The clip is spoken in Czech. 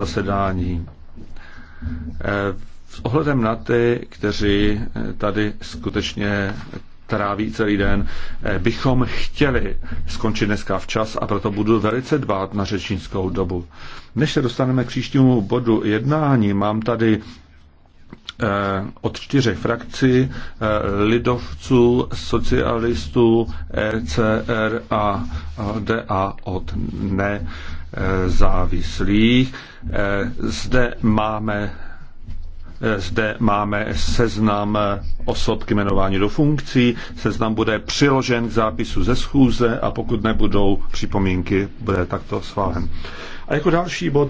zasedání. Eh, s ohledem na ty, kteří eh, tady skutečně tráví celý den, eh, bychom chtěli skončit dneska včas a proto budu velice dbát na řečnickou dobu. Než se dostaneme k příštímu bodu jednání, mám tady od čtyři frakcí lidovců, socialistů, ECR a DA od ne závislých. Zde máme zde máme seznam osob k jmenování do funkcí. Seznam bude přiložen k zápisu ze schůze a pokud nebudou připomínky, bude takto schválen. A jako další bod